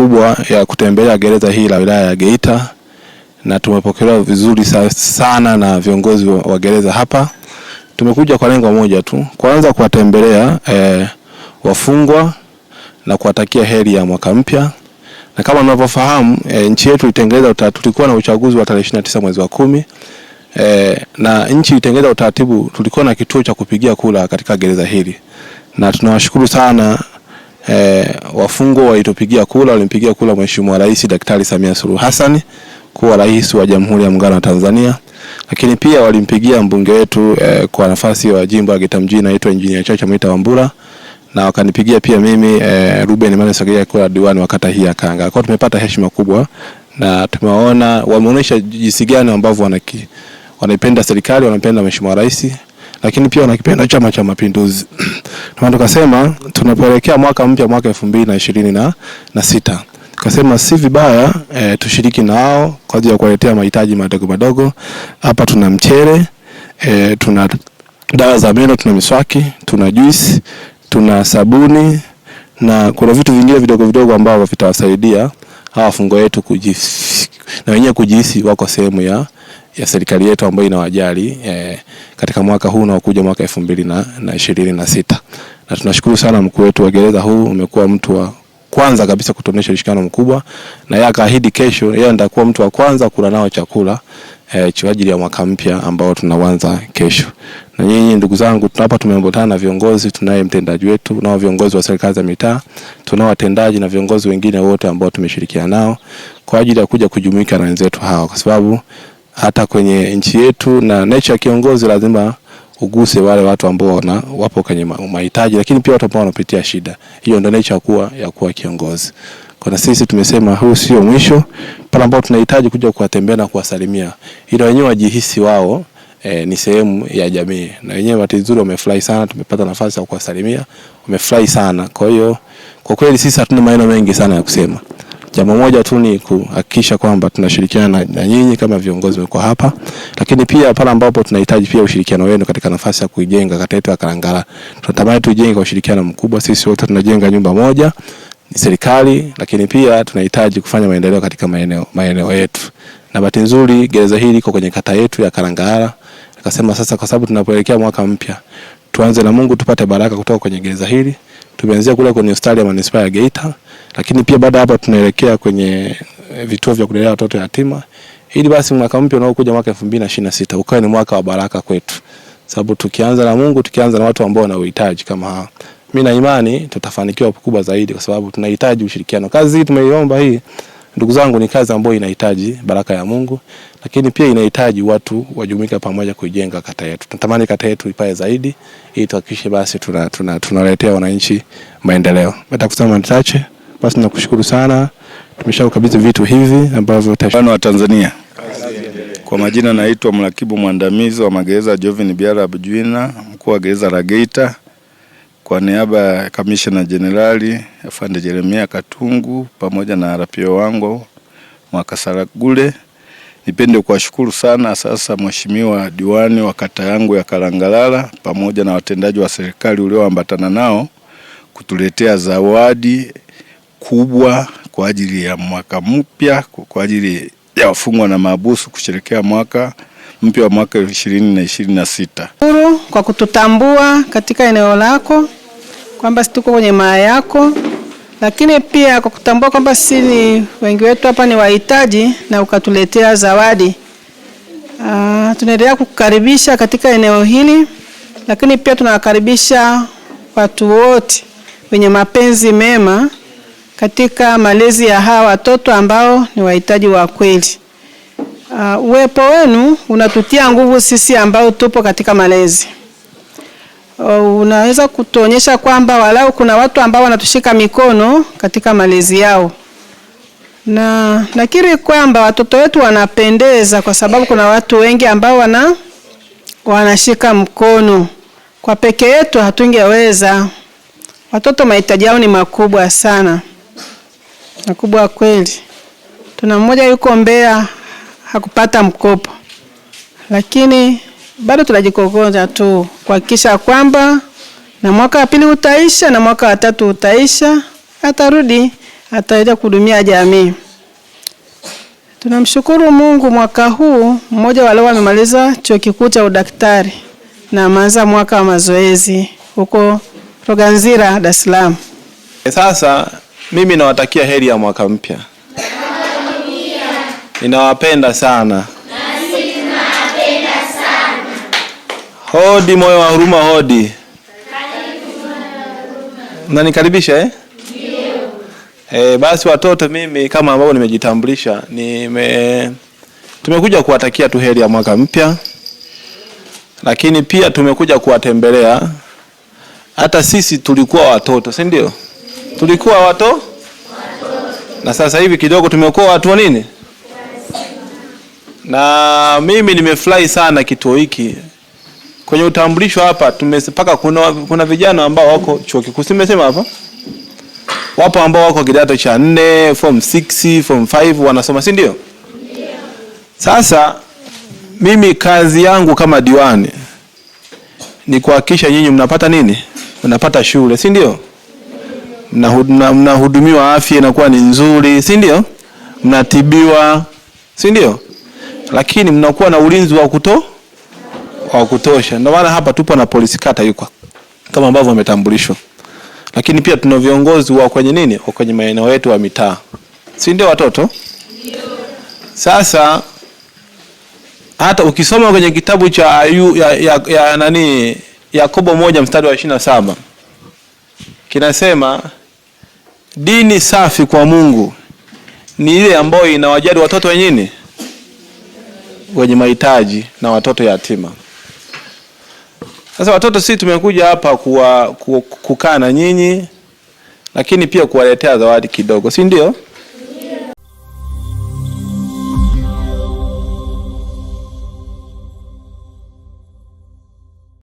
kubwa ya kutembelea gereza hii la wilaya ya Geita na tumepokelewa vizuri sana na viongozi wa gereza hapa. Tumekuja kwa lengo moja tu, kwanza kuwatembelea e, wafungwa na kuwatakia heri ya mwaka mpya, na kama mnavyofahamu e, nchi yetu ilitengeneza, tulikuwa na uchaguzi wa tarehe 29 mwezi wa kumi e, na nchi ilitengeneza utaratibu, tulikuwa na kituo cha kupigia kura katika gereza hili na tunawashukuru sana E, wafungwa walitopigia kula, walimpigia kula Mheshimiwa Rais Daktari Samia Suluhu Hassan kuwa rais wa Jamhuri ya Muungano wa Tanzania, lakini pia walimpigia mbunge wetu e, kwa nafasi wa jimbo la Geita naitwa Injinia Chacha Mwita Wambura na wakanipigia pia mimi e, Ruben Emmanuel Sagaya kwa diwani wa kata hii ya Kanga. Kwa tumepata heshima kubwa na tumeona wameonyesha jinsi gani ambavyo wanaki wanaipenda serikali, wanapenda Mheshimiwa Rais lakini pia wanakipenda Chama cha Mapinduzi. Na tukasema tunapoelekea mwaka mpya mwaka elfu mbili na ishirini na sita tukasema si vibaya e, tushiriki nao kwa ajili ya kuwaletea mahitaji madogo madogo. Hapa tuna mchele e, tuna dawa za meno, tuna miswaki, tuna juisi, tuna sabuni na kuna vitu vingine vidogo vidogo ambavyo vitawasaidia hawa fungo yetu kujisi na wenyewe kujihisi wako sehemu ya ya serikali yetu ambayo inawajali eh, katika mwaka huu unaokuja mwaka elfu mbili na ishirini na sita na tunashukuru sana mkuu wetu wa gereza huu, umekuwa mtu wa kwanza kabisa kutuonesha ushirikiano mkubwa, na yeye akaahidi kesho yeye atakuwa mtu wa kwanza kula nao chakula eh, kwa ajili ya mwaka mpya ambao tunaanza kesho. Na nyinyi ndugu zangu, tunapa tumeambatana na viongozi, tunaye mtendaji wetu, nao viongozi wa serikali za mitaa, tunao watendaji na viongozi wengine wote ambao tumeshirikiana nao kwa ajili ya kuja kujumuika na wenzetu hawa kwa sababu hata kwenye nchi yetu, na nature ya kiongozi lazima uguse wale watu ambao wana wapo kwenye mahitaji, lakini pia watu ambao wanapitia shida. Hiyo ndio nature kuwa ya kuwa kiongozi. Kwa na sisi tumesema huu sio mwisho, pale ambao tunahitaji kuja kuwatembea na kuwasalimia, ila wenyewe wajihisi wao E, ni sehemu ya jamii na wenyewe watu nzuri wamefurahi sana, tumepata nafasi ya kuwasalimia, wamefurahi sana. Kwa hiyo kwa kweli sisi hatuna maneno mengi sana ya kusema. Jambo moja tu ni kuhakikisha kwamba tunashirikiana na na nyinyi kama viongozi wako hapa, lakini pia pale ambapo tunahitaji pia ushirikiano wenu katika nafasi ya kuijenga kata yetu ya Karangala. Tunatamani tuijenge kwa ushirikiano mkubwa, sisi wote tunajenga nyumba moja ni serikali, lakini pia tunahitaji kufanya maendeleo katika maeneo maeneo yetu, na bahati nzuri gereza hili liko kwenye kata yetu ya Karangala. Nikasema sasa, kwa sababu tunapoelekea mwaka mpya, tuanze na Mungu tupate baraka kutoka kwenye gereza hili. Tumeanzia kule kwenye hospitali ya manispaa ya Geita. Lakini pia baada hapa tunaelekea kwenye eh, vituo vya kulelea watoto yatima ili basi mwaka mpya unaokuja mwaka sita ukawe ni mwaka wa baraka kwetu, sababu tukianza na Mungu, tukianza na watu ambao wana uhitaji kama hawa, mimi na imani tutafanikiwa kubwa zaidi, kwa sababu tunahitaji ushirikiano. Kazi hii tumeiomba hii, ndugu zangu, ni kazi ambayo inahitaji baraka ya Mungu, lakini pia inahitaji watu wajumuika pamoja kuijenga kata yetu. Tunatamani kata yetu ipae zaidi, ili tuhakikishe basi tunaletea tuna, tuna wananchi maendeleo. Baada kusema chache basi nakushukuru sana, tumeshaukabidhi vitu hivi ambavyo wa Tanzania. Kwa majina naitwa mrakibu mwandamizi wa magereza Jovin Biara Abujwina, mkuu wa gereza la Geita, kwa niaba ya kamishna jenerali afande Jeremia Katungu pamoja na rapio wangu Mwakasaragule, nipende kuwashukuru sana sasa mheshimiwa diwani wa kata yangu ya Kalangalala pamoja na watendaji wa serikali ulioambatana nao kutuletea zawadi kubwa kwa ajili ya mwaka mpya kwa ajili ya wafungwa na maabusu kusherekea mwaka mpya wa mwaka ishirini na ishirini na sita. Shukuru kwa kututambua katika eneo lako kwamba si tuko kwenye maa yako, lakini pia kwa kutambua kwamba si ni wengi wetu hapa ni wahitaji na ukatuletea zawadi. Ah, tunaendelea kukukaribisha katika eneo hili, lakini pia tunawakaribisha watu wote wenye mapenzi mema katika malezi ya hawa watoto ambao ni wahitaji wa kweli. Uh, uwepo wenu unatutia nguvu sisi ambao tupo katika malezi. Uh, unaweza kutuonyesha kwamba walau kuna watu ambao wanatushika mikono katika malezi yao, na nakiri kwamba watoto wetu wanapendeza kwa sababu kuna watu wengi ambao wana wanashika mkono. Kwa peke yetu hatungeweza. Watoto mahitaji yao ni makubwa sana. Wakubwa kweli. Tuna mmoja yuko Mbeya hakupata mkopo, lakini bado tunajikokoza tu kuhakikisha kwamba na mwaka wa pili utaisha na mwaka wa tatu utaisha, atarudi ataenda kuhudumia jamii. Tunamshukuru Mungu, mwaka huu mmoja waleo amemaliza chuo kikuu cha udaktari na ameanza mwaka wa mazoezi huko Roganzira, Dar es Salaam. Sasa mimi nawatakia heri ya mwaka mpya. Ninawapenda sana. Hodi moyo wa huruma, hodi. Nanikaribisha eh? Eh, basi watoto, mimi kama ambavyo nimejitambulisha, nime tumekuja kuwatakia tu heri ya mwaka mpya, lakini pia tumekuja kuwatembelea. Hata sisi tulikuwa watoto, si ndio? tulikuwa wato na sasa hivi kidogo tumekuwa watu wa nini, na mimi nimefurahi sana kituo hiki. Kwenye utambulisho hapa tumepaka, kuna, kuna vijana ambao wako chuo kikuu, simesema hapa, wapo ambao wako kidato cha nne, form 6, form 5 wanasoma, si ndio? Sasa mimi kazi yangu kama diwani ni kuhakikisha nyinyi mnapata nini, mnapata shule, si ndio? mnahudumiwa afya inakuwa ni nzuri, si ndio? Mnatibiwa, si ndio? Lakini mnakuwa na ulinzi wa kuto wa kutosha. Ndio maana hapa tupo na polisi kata yuko kama ambavyo wametambulishwa, lakini pia tuna viongozi wa kwenye nini, wa kwenye maeneo yetu wa mitaa, si ndio? Watoto sasa hata ukisoma kwenye kitabu cha ayu, ya, ya, ya nani Yakobo moja mstari wa ishirini na saba kinasema Dini safi kwa Mungu ni ile ambayo inawajali watoto wengine wenye mahitaji na watoto yatima. Sasa watoto sisi tumekuja hapa kuwa, kukaa na nyinyi, lakini pia kuwaletea zawadi kidogo, si ndio?